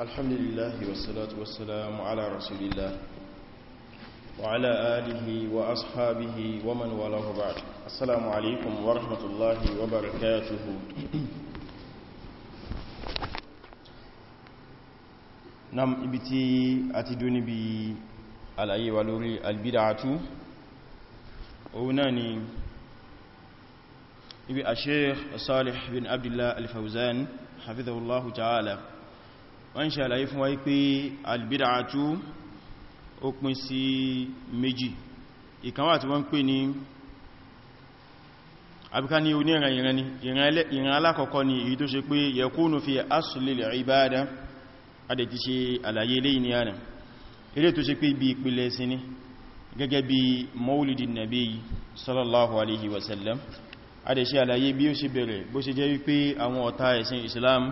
الحمد لله والصلاة والسلام على رسول الله وعلى آله وأصحابه ومن والاه بعد السلام عليكم ورحمة الله وبركاته نعم إبتي أتدوني بألأي والوري البدعة أوناني إبي الشيخ صالح بن عبد الله الفوزان حفظه الله تعالى wọ́n ṣe àlàyé fún wa pé albid'atu ó pín sí méjì ìkan wà tí wọ́n ń pè ní àbíká ní oníran ìran ni ìran alákọ̀ọ́kọ́ ni èyí tó ṣe pé yakunu fi aslil ibada adẹ̀tí ṣe àlàyé ilé ìní ànà ilé tó ṣe pé bí ìpìlẹ̀ sí ni gẹ́gẹ́ bí maulidin nabi sallallahu alaihi wasallam adẹ̀ ṣe àlàyé bí ó ṣe bẹ̀rẹ̀ bó ṣe jẹ́ wípé àwọn ọ̀tá ẹ̀sìn islam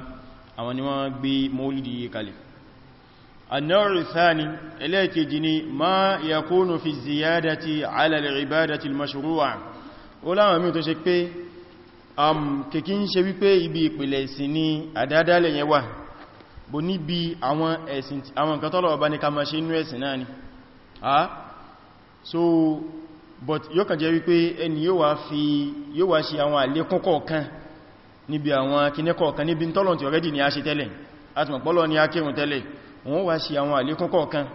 àwọn ni wọ́n gbé maulidi kalẹ̀ an-naw'u thani ẹlẹ́ẹ̀kejì ni ma yakunu fi ziyadati ala al-ibadati al-mashru'a ó láwọn mí tó ṣe pé kìkí ń ṣe wípé ibi ìpìlẹ̀ ìsìn ni àdádálẹ̀ yẹn wà bó níbi àwọn ẹ̀sìn àwọn so but yóò kàn jẹ́ wípé ẹni yóò wá fi níbi àwọn kìníkọ̀ kan níbi tọ́lọ̀n tí ọ̀rẹ́dì ni a ṣe tẹ́lẹ̀ àtìmọ̀pọ́lọ̀ ni a kírùn tẹ́lẹ̀ wọ́n wá ṣe àwọn àlékún kọ̀ọ̀kan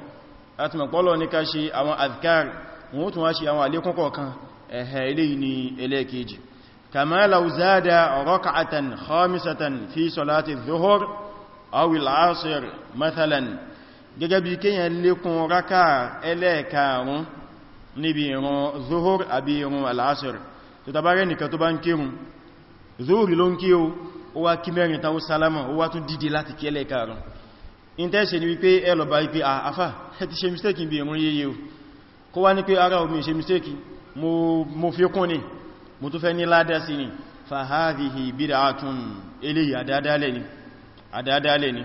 àtìmọ̀pọ́lọ̀ ní ká ṣe àwọn adhkar wọ́n tún wá ṣe àwọn àlékún kọ̀ọ̀kan ẹ̀hẹ̀ eléyìí ni ẹlẹ́ẹ̀kejì kama law zada rak'atan khamisatan fi salati dhuhr aw al-'asr mathalan gẹ́gẹ́ níbi ìrun zuhur àbí ìrun al tó tabare nìkan tó bá ń kírun zóòrì ló ń kí o ó wá kí mẹ́rin tàwọn sálámà ó wá tún dìde láti kí ẹlẹ́ karùn in tẹ́ ṣe ni wípé ẹ lọ bá wípé àfà ẹ ti ṣe mistake bí ìrun yíye o kó wá ní pé ara omi ṣe mistake mo fi kún ni mo tún fẹ́ ní ládá ni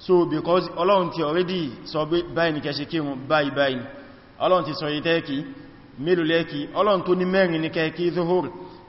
so because ọlọ́run already sọ báyìí ní kẹ́ṣe kí wọn báyìí báyìí ọlọ́run ti sọ yìí tẹ́ẹ̀kì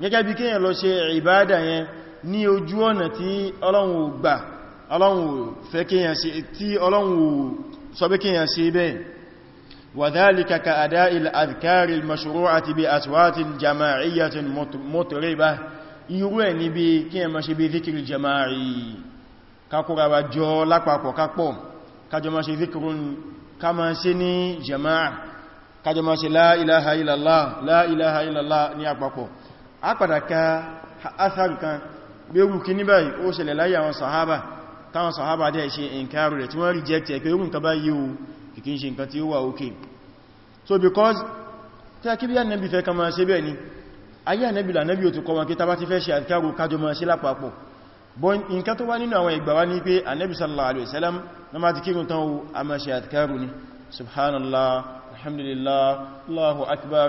gẹ́gẹ́ bí kíyàn lọ ṣe ìbádà yẹn ní ojú ọ̀nà tí ọlọ́run ò gbà ọlọ́run ò fẹ́ kíyàn ṣe tí ọlọ́run ò sọ bí kíyàn ṣe bẹ́ẹ̀ wa dhalika ka ada'il adhkaril mashru'ati bi aswatin jama'iyyatin mutriba irú ẹ̀ níbi kíyàn máa ṣe bí zikiri jama'i kakurawa jọ lápapọ̀ kápọ̀ kájọ máa ṣe zikirun ká máa ṣe ní jama'a kájọ máa ṣe la ilaha illallah la ilaha illallah ní àpapọ̀ a padà ka athar kan bí ó kí ní báyìí ó ṣẹlẹ̀ láyé àwọn sahaba táwọn sahaba dẹ̀ ṣe inkaru rẹ̀ tí wọ́n reject ẹ̀ pé ó nǹkan bá yí o kìkí ṣe nǹkan tí ó wà okay so because tí a kí bí ànẹ́bì fẹ́ kan máa ṣe bẹ́ẹ̀ ni ayé ànẹ́bì lànẹ́bì ò tó kọ́ wọn kí tàbá ti fẹ́ ṣe àdíkàrò kájọ máa ṣe lápapọ̀ bọ́ nǹkan tó wá nínú àwọn ìgbà wá ní pé ànẹ́bì sallallahu alaihi wasallam na máa ti kírun tán o a máa ṣe àdíkàrò ni subhanallah alhamdulillah allahu akbar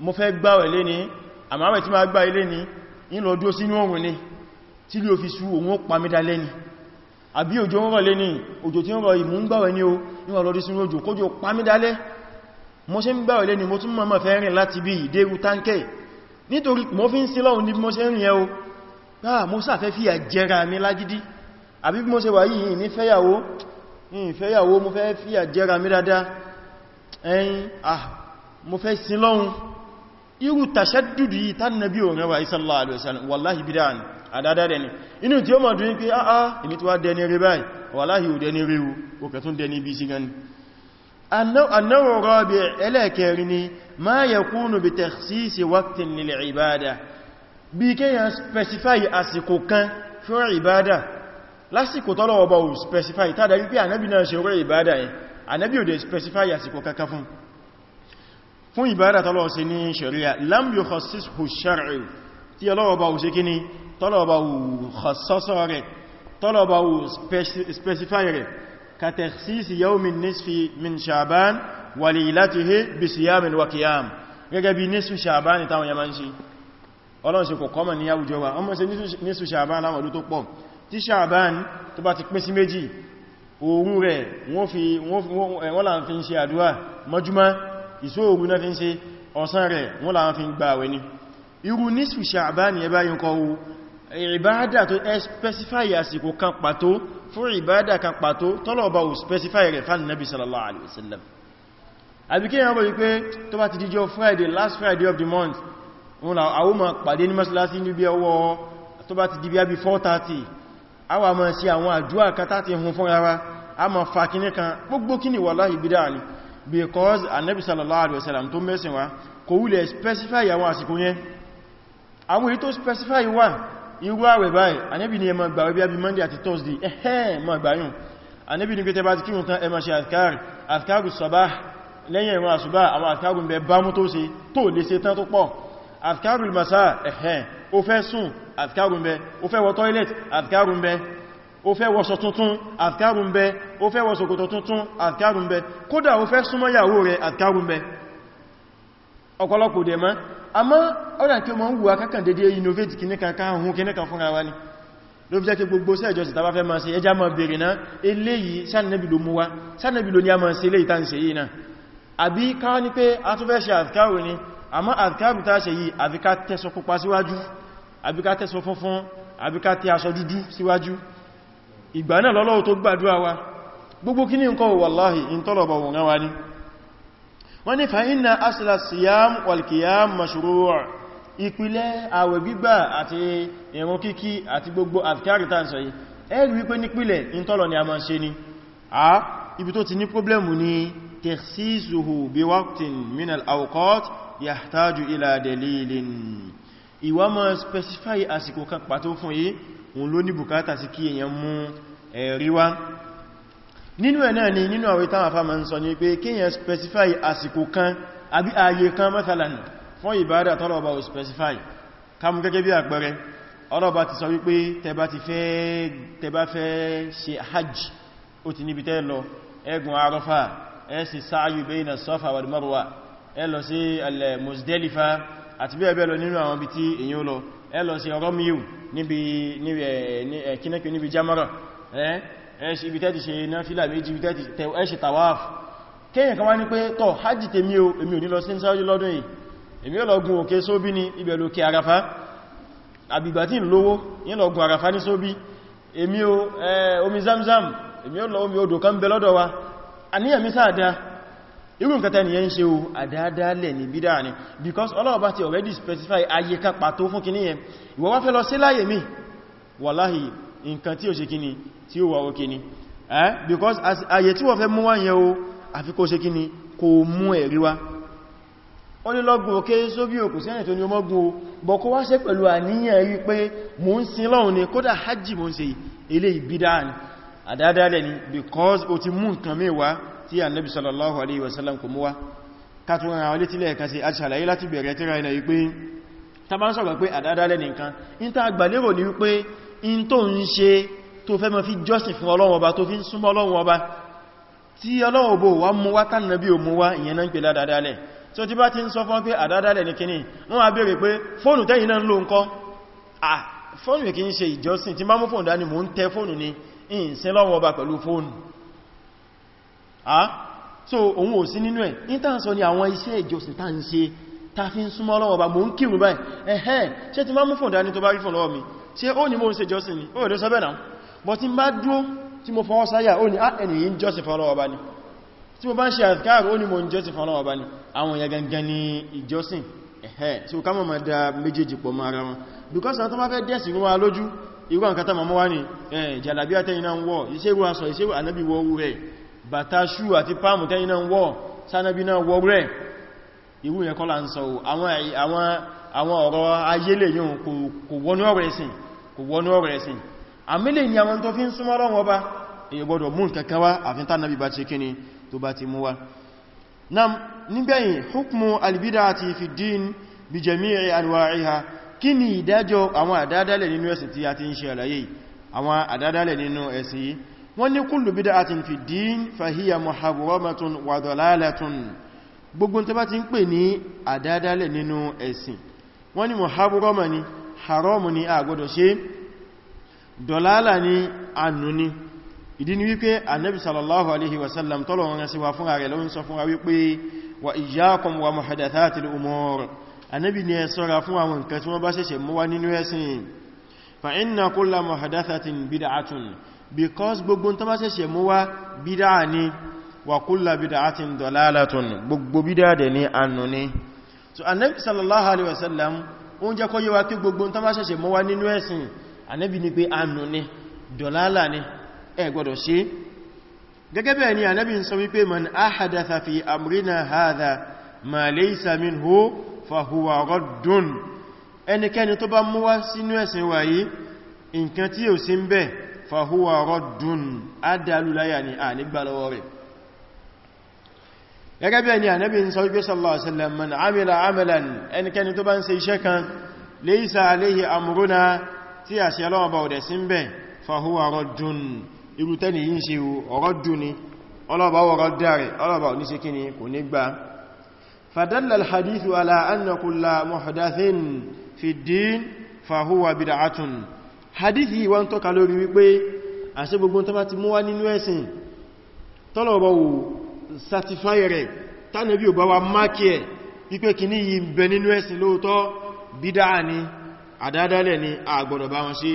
mo fẹ́ gbáwẹ̀ lé ní àmàwẹ̀ tí ma gbá ilé ní ìlọ ojú sínú òun ní tí lè fi sú òun ó pàmídà lé ní àbí òjò ń rọ̀ lé ní òjò tí ń rọ̀ ìmú ń gbáwẹ̀ ní o níwà lọ́dí sínú òjò kójò pàmídà lé mo ṣe ń gbáwẹ̀ lé ní mo tún mọ́ fẹ́ rìn láti bí ìdérú táǹkẹ́ nítorí mo fi ń sí lọ́hun ní mo ṣe ń rìn ẹ o bá mo sáfẹ́ fi àjẹra mi lágídí àbí bí mo ṣe wà yìí ní fẹ́yàwó ní fẹ́yàwó mo fẹ́ fi àjẹra mi dáadáa ẹ̀yìn ah mo fẹ́ sí irú tàṣẹ́dùdù yìí tán nàbí òun rẹwà sallallahu alaihi wasallam wàláhì bídá ni àdádádẹ ni inú tí ó mọ̀ dúrín pé áá ah, ah, èmi tí wá dẹni rí báyìí wàláhì ò dẹni ríru òkè tún dẹni bí sí gan annáwò rọ́bẹ̀ ẹlẹ́ẹ̀kẹ́rì ni ma yakunu bi takhsisi waqtin lil ibada bí kéyàn specify àsìkò kan fún ìbádà lásìkò tọ́lọ̀wọ̀ bá ò specify tàdàrí pé ànábì náà ṣe orí ìbádà yẹn ànábì ò dẹ̀ specify àsìkò kankan fún fún ìbára tọ́lọ̀ sí ní sharia lam yukhassishu shar'u tí ọlọ́ọ̀bá ò ṣe kí ni tọ́lọ̀ọ̀bá ò khassasa rẹ̀ tọ́lọ̀ọ̀bá ò specify rẹ̀ ka takhsisi yawmin nisfi min sha'ban wa laylatihi bi siyamin wa qiyam gẹ́gẹ́ bí nisfi sha'ban táwọn yaman ṣe ọlọ́run ṣe kò kọ́mọ̀ ní àwùjọ wa ọmọ ṣe nisfi sha'ban láwọn ọdún tó pọ̀ tí sha'ban tó bá ti pín sí méjì òru rẹ̀ wọ́n fi wọ́n ṣe àdúwà mọ́júmá ìṣòòrù náà fi ń ṣe ọ̀sán rẹ̀ wọ́n láwọn fi ń gba àwẹ̀ ni irú nisfu Sha'ban ẹbá yìí kọ́ ìbádà tó specify àsìkò kan pàtó fún ìbádà kan pàtó tọ́lọ̀ọba ò specify rẹ̀ fún Nabi sallallahu alaihi wasallam àbíkẹ́ yàn bọ̀ yí pé tó bá ti díjọ Friday last Friday of the month wọn là àwọn ma pàdé ní mọ́sálásí níbi ọwọ́ tó bá ti dìbí àbí 4:30 àwa máa ṣe àwọn àdúrà kan tàti hun fún ara a ma fa kíní kan gbogbo kíní wallahi bídá ni because anabi sallallahu alaihi wasallam tó mẹ́sìn wa kò wúlẹ̀ specify àwọn àsìkò yẹn àwọn èyí tó specify wà irú àwẹ̀ báyìí anabi ni ẹ máa gbààwẹ̀ bí abi monday àti thursday ẹ̀hẹ́ máa gbààyùn anabi ni pẹ́tẹ́ bá ti kírun tán ẹ máa ṣe azkar azkaru sabah lẹ́yìn ìrun àsùbá àwọn azkaru ń ó fẹ́ wọṣọ tuntun àtkárùn-ún ó fẹ́ wọṣọ kòtò tuntun àtkárùn-ún kódà ó fẹ́ súnmọ́ yàwó rẹ̀ àtkárùn ọ̀pọ̀lọpọ̀ dẹ̀ mọ́ àmọ́ ọ̀rẹ́ kí o mọ́ ń wùwa kákàn dédé innovate kìníkan káhùn kìníkan fúnra wa ni ló fi jẹ́ kí gbogbo sẹ́ ìjọsìn tàbá fẹ́ máa ṣe ẹjá máa bèèrè náà eléyìí sánàbì ló mú wá sánàbì ló ní a máa ṣe léyìí tàn ṣe yìí náà àbí káwọn ní pé a tún fẹ́ ṣe àfikáwò ni àmọ́ àbíká tẹ́sọ funfun àbíká tẹ́ aṣọ dúdú síwájú ìgbà náà lọ́lọ́wọ́ tó gbàdúrà wa gbogbo kí ní nǹkan wàláhì in tọ́lọ̀bọ̀ wọn wá ní wọ́n ní fa inna asla siyam walkiyam mashru'a ìpìlẹ̀ àwẹ̀ gbígbà àti ìrun kíkí àti gbogbo afkárítà sọ yìí ẹ̀rù wípé nípìlẹ̀ in tọ́lọ̀ àsìkò kan pàtó fún yìí òun ló ní bùkátà sí kí èèyàn mú ẹ̀ríwá nínú ẹ̀ náà ni nínú àwẹ́ táwọn afá ń sọ ní pé kíyàn specify àsìkò kan àbí ààyè kan mẹ́tàlá fún ìbádà tọ́lọ̀ọba ò specify kàmù gẹ́gẹ́ bí àpẹẹrẹ ọlọ́ba ti sọ wípé tẹba ti fẹ́ tẹba fẹ́ ṣe hajj ó ti níbi tẹ́ lọ ẹgùn arọ́fà ẹ sì sáàyù bẹ́ẹ̀nà sọ́fà wal marwa ẹ lọ sí alẹ́ Muzdalifa àti bẹ́ẹ̀ bẹ́ẹ̀ lọ nínú àwọn ibi tí èyí ó lọ ẹ lọ sí ọrọ́míyù níbi kínákì níbi jamara ẹ̀ṣì ibi tẹ́ti ṣe iná fílà méjì ibi tẹ́ti ẹ̀ṣì tawaf kéyàn kan wá ní pé tọ́ hajji tèmi o èmi ò ní lọ sí Saudi lọ́dún yìí èmi ò lọ gun òkè sóbí ní ibẹ̀ lókè Arafa àbìgbà tí ń lówó yín lọ gun Arafa ní sóbí èmi ò omi Zamzam èmi ò lọ omi odò kan bẹ lọ́dọ̀ wa àníyàn mi sáàdá irú nǹkan tẹ́ nìyẹn ń ṣe o àdáadáalẹ̀ ní bídá ni because Ọlọ́run bá ti already specify ayé kan pàtó fún kìníyẹn ìwọ wá fẹ́ lọ sí láyé mi wàláhì nǹkan tí ó ṣe kíni tí ó wà ó kíni eh because as ayé tí wọ́n fẹ́ mú wá yẹn o àfi kó ṣe kíni kó mú ẹ̀rí wá ó ní lọ́gbùn òkè sóbí òkú sí ẹ̀yìn tó ní o o bọ̀ kó wá ṣe pẹ̀lú àníyàn yí pé because ó ti mú nǹkan mẹ́wàá sallallahu alaihi wasallam kò mú wá ká tún ara wọlé tílẹ̀ ẹ̀kan sí aṣàlàyé láti bẹ̀rẹ̀ tíra ilẹ̀ yí pé ta bá ń sọ̀rọ̀ pé àdádálẹ̀ nìkan in ta gbàlérò ni wípé in tó ń ṣe tó fẹ́ mọ́ fi jọ́sìn fún ọlọ́run ọba tó fi ń súnmọ́ ọlọ́run ọba tí ọlọ́run ọba wá mú wá tánàbí ò mú wá ìyẹn náà ń pè ládádálẹ̀ tó ti bá ti ń sọ fún pé àdádálẹ̀ ní kíní wọ́n wá béèrè pé fóònù tẹ́yìn náà ń lò ah fóònù kì í ṣe ìjọsìn tí bá mú fóònù dání mò ń ah so òun ò sí ni àwọn iṣẹ́ ìjọsìn tàn ń ṣe ta fi ń súnmọ́ ọlọ́run ọba mò ń kírun báyìí ẹ̀hẹ́ ṣe ti má mú fóònù dání tó bá rí fóònù lọ́wọ́ mi ṣe ó ní mo ń ṣe jọ́sìn ni ó rẹ̀ sọ bẹ́ẹ̀ náà bọ́ tí bá dúó tí mo fọwọ́ sáyà ó ní ah, ẹni yìí ń jọ́sìn fọ́lọ́wọ́ bá ní tí mo bá ń ṣe àzikáàrù ó ní mo ń jọ́sìn fọ́lọ́wọ́ bá ní àwọn èèyàn gangan ní ìjọ́sìn ẹ̀hẹ́ because àwọn tó bá fẹ́ dẹ́sìn rú wa lójú irú àwọn kátà mọ̀mọ́ wá ní jàlàbí àtẹ́yìnà ń wọ̀ iṣẹ́ ìwọ aṣọ iṣẹ́ ànábì wọ orú rẹ̀ bàtà ṣú àti páàmù tẹ́yìnà ń wọ̀ sánábì náà wọ rẹ̀ irú yẹn kọ́ là ń sọ àwọn ọ̀rọ̀ kò wọnú ọ̀rọ̀ ẹ̀sìn àmìlẹ̀ ni àwọn tó fi ń súnmọ́ Ọlọ́run Ọba èyí gbọdọ̀ mú nǹkankan wá àfin tánà bí bá ti kíni tó bá ti mú wá nam nígbẹ̀yìn hukmu albidati fi din bi jami'i anwa'iha kí ni ìdájọ́ àwọn àdádálẹ̀ nínú ẹ̀sìn tí a ti ń ṣe àlàyé àwọn àdádálẹ̀ nínú ẹ̀sìn yìí wọ́n ní kullu bid'atin fi din fahiya muharramatun wa gbogbo tó bá ti ń pè ní àdádálẹ̀ nínú ẹ̀sìn wọ́n ní muharrama ni haramu ni a gbọdọ̀ ṣe dọ̀lálà ni ànú ni ìdí ni wípé annabi sallallahu alaihi wasallam tọ́lọ̀ wọn sí wa fúnra rẹ̀ lọ́wọ́n sọ fúnra wípé wa iyyakum wa muhadathatil umur annabi ni ẹ ṣọ́ra fún àwọn nǹkan tí wọ́n bá ṣẹ̀ṣẹ̀ mú wá nínú ẹ̀sìn fa inna kulla muhadathatin bid'atun because gbogbo tó bá ṣẹ̀ṣẹ̀ mú wá bid'a ni wa kulla bid'atin dalalatun gbogbo bid'a dẹ̀ ni ànú ni so annabi sallallahu alaihi wasallam ó ń jẹ́ kó yé wa pé gbogbo tán bá ṣẹ̀ṣẹ̀ mọ́ wá nínú ẹ̀sìn ànábì ní pé ànù ni dọ̀lálà ni ẹ gbọ́dọ̀ ṣe gẹ́gẹ́ bẹ́ẹ̀ ni ànábì ń sọ wípé man ahadatha fi amrina hadha ma laysa minhu fahuwa raddun ẹnikẹ́ni gẹ́gẹ́ bí ẹni ànábì ń sọ wípé sallallahu alaihi wasallam man amila amalan ẹnikẹni tó bá ń ṣe iṣẹ́ kan laysa alayhi amruna tí a ṣe ọlọ́wọ́ bá ọ̀dẹ̀ sí ń bẹ̀ fahuwa raddun irú tẹ́ni yí ń ṣe raddun ni ọlọ́bà ọ̀rọ̀ dáre ọlọ́bà ní ṣe kíni kò ní gbá fadalla alhadithu ala anna certify rẹ̀ tánàbí ò bá wa máàkì ẹ̀ wípé kìíní yìí ń bẹ nínú ẹ̀sìn lóòtọ́ bídáà ni àdádálẹ̀ ni a gbọ́dọ̀ bá wọn ṣe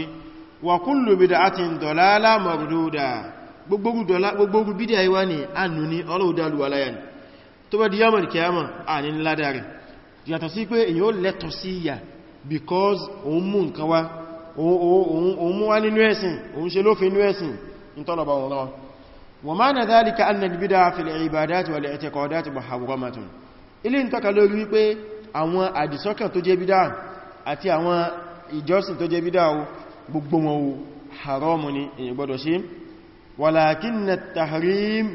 wa kullu bid'atin dalala magduda gbogbo bídá ìwá ni a nù ní ọlọ́ọ̀dálùwàláyà ni tó because òun mú nǹkan wá òun mú wá nínú ومعنى ذلك أن البدع في العبادات والاعتقادات محرمة ilé ń tọ́ka lórí wípé àwọn àdìsọ́kàn tó jẹ́ bídá àti àwọn ìjọsìn tó jẹ́ bídá o gbogbo wọn o haramu ni èyàn gbọdọ̀ ṣe walakinna at-tahrim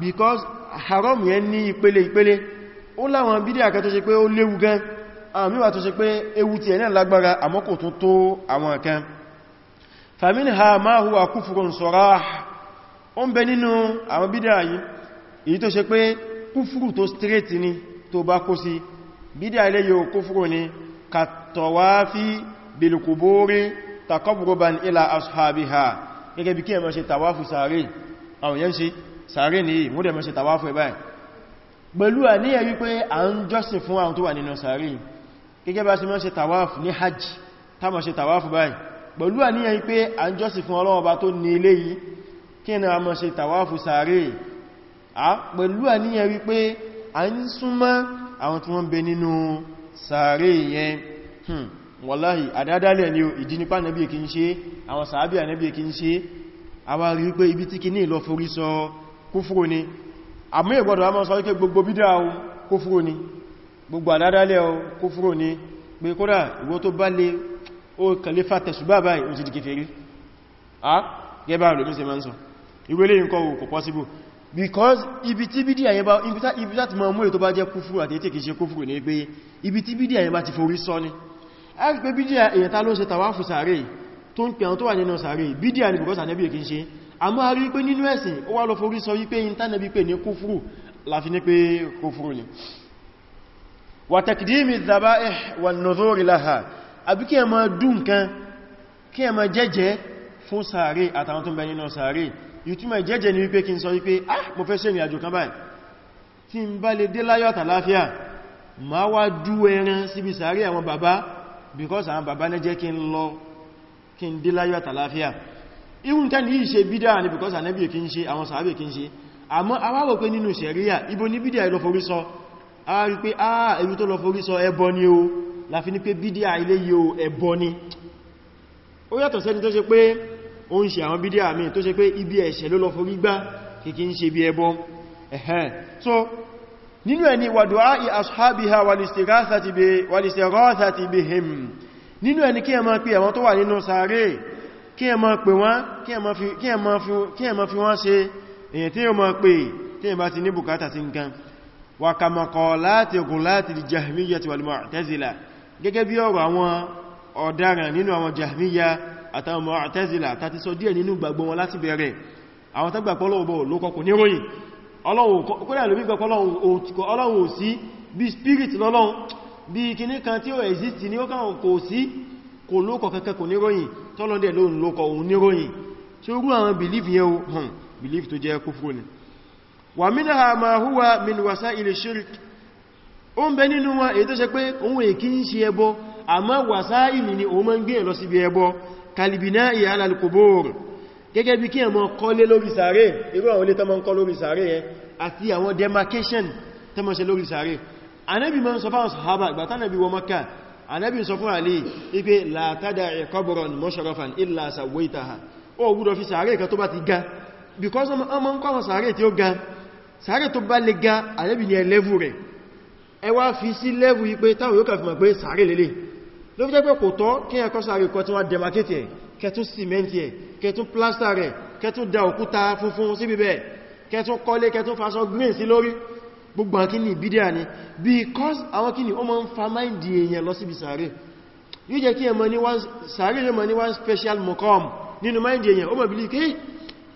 because haram yẹn ní ìpele ó láwọn bídíà kan tó ṣe pé ó léwu gan àwọn mìíràn tó ṣe pé ewu ti ẹ̀nà lágbára àmọ́ kò tún tó àwọn kan famin ha ma huwa kúfùrún sọ́rá ó ń bẹ nínú àwọn bídíà yìí èyí tó ṣe pé kúfùrù tó straight ni tó bá kó sí bídíà ilé yóò kúfùrù ni kàtọ̀wáfí bilkubori takọ́bùrọ̀ban ila ashabiha gẹ́gẹ́ bí kí ẹ má ṣe tàwáfù sàárè àwọn yẹn pẹ̀lú àníyàn wípé à ń jọ́sìn fún àwọn tó wà nínú sàárì gẹ́gẹ́ bá sí mọ́ ṣe tàwáf ní hajj táwọn ṣe tàwáf báyìí pẹ̀lú àníyàn wípé à ń jọ́sìn fún Ọlọ́run Ọba tó ní ilé a mọ́ ṣe tàwáf sàárì pẹ̀lú àníyàn wípé à ń súnmọ́ àwọn tí wọ́n bẹ nínú sàárì yẹn hmm, wọ́láhì àdádálẹ̀ ni ìdí nípa nàbí èkí ń ṣe àwọn àmú ìgbọ́dọ̀ a máa sọ wípé gbogbo bídá o kó fúrò ní gbogbo àdádálẹ̀ o kó fúrò ní pé kódà ìwọ tó bá lè ó kàlé fàtẹ̀sù because ibi tí bídí àyẹba ibi láti máa mú ètò bá jẹ́ kúfúrò àti ètè kìí ṣe kúfúrò ní pé ibi a rí pé bídí àyẹta ló ṣe tàwáfù sàárè tó ń pè àwọn a máa rí pé nínú ẹ̀sìn ó wá lọ forí sọ wípé ìntánẹ̀bí pé ní kúfúrù láfi ní pé kúfúrù ni wà tàkìdìmì dhaba'ih wà nuzuri laha àbí kí ẹ máa dùn kan kí ẹ máa jẹ́jẹ́ fún sàárè àtàwọn tó ń bẹ nínú sàárè ni wípé kí ah mo fẹ́ ṣe ìrìn àjò kan báyìí tí n bá lè dé láyọ̀ àtàláfíà because àwọn bàbá ní jẹ́ kí n lọ kí n dé even tẹ́ ní ìṣe bídá ní because ànábì kí ń ṣe àwọn sàábì kí ń ṣe àmọ́ awáwọ̀ pé nínú ṣẹ̀ríà ibo ní bídá ìlọ forí sọ a rí pé a ah, èyí tó lọ forí sọ ẹbọ ni o láfi ní pé bídá ilé yíò ẹbọ ni ibi ẹ̀ṣẹ̀ ló lọ forí gbá so nínú ẹni wa du'a'i ashabiha wal-istighathati bihim nínú ẹni kí ẹ máa pè tó wà nínú sàárè kí ẹ máa pè wọ́n kí ẹ máa fi wọ́n ṣe èyàn tí ó máa pè tí ẹ bá ti di jahmiya ti wal mu'tazila gẹ́gẹ́ bí ọ̀rọ̀ àwọn ọ̀daràn nínú àwọn jahmiya àtàwọn mu'tazila tàti sọ díẹ̀ nínú gbàgbọ́ wọn láti bẹ̀rẹ̀ àwọn tó gbàgbọ́ lọ́wọ́ ló kọkù níròyìn ọlọ́run ò sí bí spirit lọ́lọ́run bí kìní kan tí ó exist ní ó kàn kò sí kò lókọ̀ kẹ́kẹ́ kò níròyìn tọ́lọ́dẹ̀ ló ń lókọ òun níròyìn tí ó rú àwọn belief yẹn o hàn hmm, belief tó jẹ́ kúfúrú ni wà minha ma huwa min wasa'il shirk ó ń bẹ nínú wọn èyí tó ṣe pé òun èkí ń ṣe ẹbọ àmọ́ wasa'il ni òun máa ń gbìyàn lọ síbi ẹbọ kalibina ala al-qubur gẹ́gẹ́ bí kí ẹmọ kọ́lé lórí sàárè irú àwọn ilé tọ́mọ ń kọ́ lórí sàárè yẹn àti àwọn demarcation tọ́mọ ṣe lórí sàárè anẹ́bí ma ń sọ fáwọn sàhábà ìgbàtánẹ́bí wọ Makkah Ànábì sọ fún Ali ipe la tada'i qabran musharrafan illa sawwaytaha ó wúdọ̀ fi sàárè kan tó bá ti ga because ọmọ ń kọ́wọ́ sàárè tí ó ga sàárè tó bá lè ga Ànábì ni ẹlẹ́vù rẹ̀ ẹ wá fi sí lẹ́vù ipé táwọn yóò kà fi mọ̀ pé sàárè lélẹ̀ ló fi jẹ́ pé kò tọ́ kí ẹkọ́ sàárè kọ́ tí wọ́n demarcate ẹ̀ kẹtún simenti ẹ̀ kẹtún plaster rẹ̀ kẹtún da òkúta funfun sí bíbẹ̀ kẹtún kọ́lé kẹtún fasọ green sí lórí gbogbo àwọn kíní bídíà ni because àwọn kíní ó máa ń fa máìndì èèyàn lọ síbi sàárè yóò jẹ́ kí ẹ mọ̀ ní one sàárè rẹ̀ mọ̀ ní one special maqam nínú máìndì èèyàn ó mọ̀ bí kí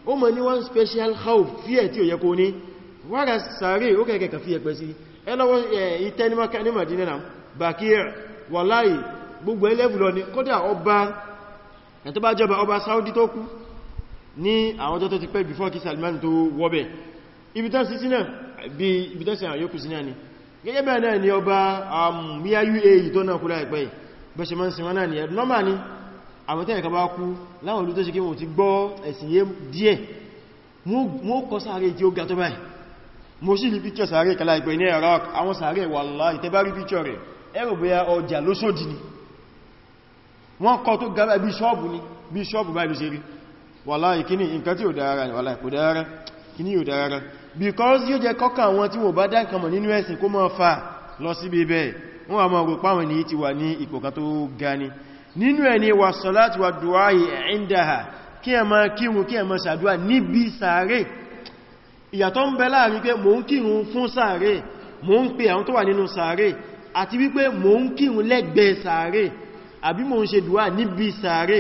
ó mọ̀ ní one special how fear tí ó yẹ kó ní wára sàárè ó kẹ́kẹ́ kan fi ẹ̀pẹ́ sí ẹlọ́wọ́ ìtẹ́ ní Madina náà Bakir ni kódà ọba ẹ̀tọ́ bá jọba ọba Saudi tó kú ní àwọn before kí Salman tó wọ́bẹ̀ ibi tán sí sí bí ibi tẹ́sí àwọn yóò kù sí náà ni gẹ́gẹ́ bẹ́ẹ̀ náà ni ọba àmúyá um, uae tó náà kúrò àìpẹ́ bẹ́ ṣe máa ń náà ni ẹ̀dùn nọ́mà ni àwọn tẹ́yẹ̀ kan bá kú láwọn olú tó ṣe kí wọ́n ti gbọ́ ẹ̀sìn yé díẹ̀ mú kọ sáré tí kala ìpẹ́ ní Iraq àwọn sáré wallahi tẹ́ bá rí píkẹ̀ rẹ̀ ẹ̀rọ bóyá ọjà lóṣòdì ni wọ́n gaba bí ṣọ́ọ̀bù ni bí ṣọ́ọ̀bù báyìí dára ni wallahi kò dára kíní ò dára because yóò jẹ́ kọ́kàn àwọn tí wọ́n bá dá nǹkan mọ̀ nínú ẹ̀sìn kó mọ́ fà lọ sí bíbẹ̀ wọ́n wà mọ́ ọgbọ̀pá wọn ni ti wà ní ipò tó gani nínú ẹni wà sọ́láti wà dùwáyì ẹ̀ẹ́ndàhà kí ẹ máa kírun kí ẹ máa sàdúwà níbi sàárè ìyàtọ̀ ń bẹ láàrin pé pe àwọn tó wà nínú sàárè àti wípé mò ń kírun lẹ́gbẹ̀ẹ́ sàárè àbí mò ń ṣe dùwà níbi sàárè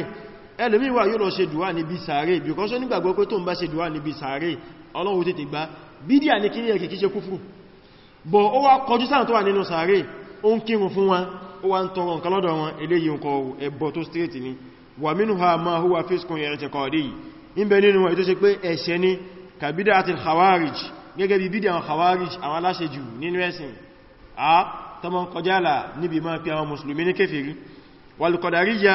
ẹlòmíwà yóò lọ ṣe dùwà níbi sàárè because ó nígbàgbọ́ pé tó ń bá ṣe dùwà níbi sàárè ọlọ́run tètè gbá bídíà ní kíní ẹ̀kì kíṣe kúfù bọ̀ ó wá kọjú sáà tó wà nínú sàárè ó ń kírun fún wọn ó wá ń tọrọ nǹkan lọ́dọ̀ wọn eléyìí nǹkan ẹbọ tó straight ni wà mínú ha máa húwa fíṣkùn ẹ̀rẹ̀tẹ̀kọ̀ọ́dé yìí ń ni kàbídà a tọmọ kọjálà níbi máa fi àwọn mùsùlùmí ní kéfèrí wàlùkọ̀dàríyà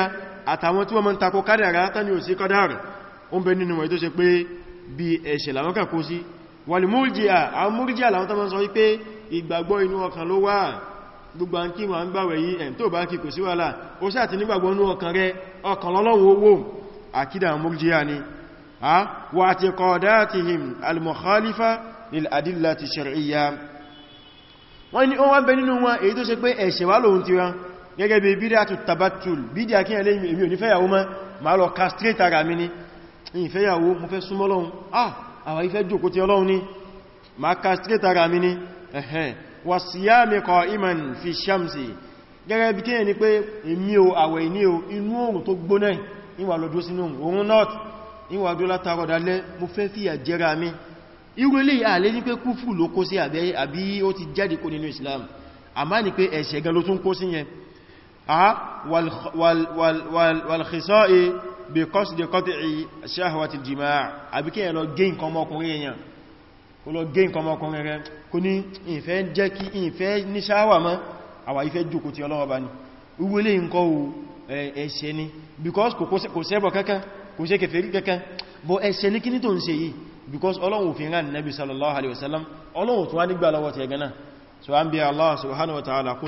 àtàwọn tí wọ́n ni ò sí kádàrá ó ń bí ẹ̀ṣẹ̀ làwọn kà kó sí wàlì múrjíà àwọn múrjíà làwọn tọ́mọ́ sọ wípé ìgbàgbọ́ inú ọkàn ló wà gbogbo àǹkí wà ń gbàwẹ̀ yìí ẹ̀ tó bá kí kò sí wàhálà ó sáà ti nígbàgbọ́ inú ọkàn rẹ ọkàn lọ́lọ́wọ́ owó àkídà múrjíà ni a wà ti kọ̀dáàtìhìm al-mukhalifa lil adillati shar'iyya wọ́n ni ó wá bẹ nínú wọn ní ìfẹ́yàwó mo fẹ́ súnmọ́ lọ́hun ah àwà ìfẹ́ jòkó tí ọlọ́hun ní ma castrate ara mi ní ẹ̀hẹ́n wà síyámi kọ iman fi ṣamsi gẹ́gẹ́ bí kíyẹ̀ ni pé èmi o àwẹ̀ ní o inú oòrùn tó gbóná ìwà lọ́dún sínú oòrùn north ìwà ọdún látàrọ̀ dalẹ́ mo fẹ́ fìyà jẹra mi irú ilé àlé ní pé kúfù ló kó sí àbí ó ti jáde kó nínú Islam àmá ni pé ẹ̀ṣẹ̀ gan ló tún kó sí yẹn ah wal wal wal wal khisai Because kọ́sìdì kọ́tì ṣáhàwàtì jìmá àbí kí ẹ̀lọ gé nǹkan ọmọkùnrin èèyàn kó lọ gé nǹkan ọmọkùnrin rẹ kó ní ìfẹ́ jẹ́ kí ìfẹ́ ní ṣáhàwà mọ́ àwà ìfẹ́ jùkú ti Ọlọ́run bá ní wíwé lè ni because kò sẹ́bọ̀ kankan kò ṣe kèfèrí kankan bọ́ ẹ̀ṣẹ̀ ní kíní because Ọlọ́run òfin rán sallallahu alaihi wasallam Ọlọ́run tó wá nígbà lọ́wọ́ ti so an bí Allah subhanahu wa ta'ala kó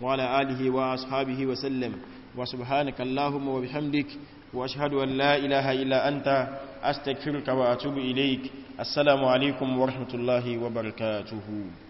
وعلى آله وأصحابه وسلم وسبحانك اللهم وبحمدك وأشهد أن لا إله إلا أنت أستغفرك وأتوب إليك السلام عليكم ورحمة الله وبركاته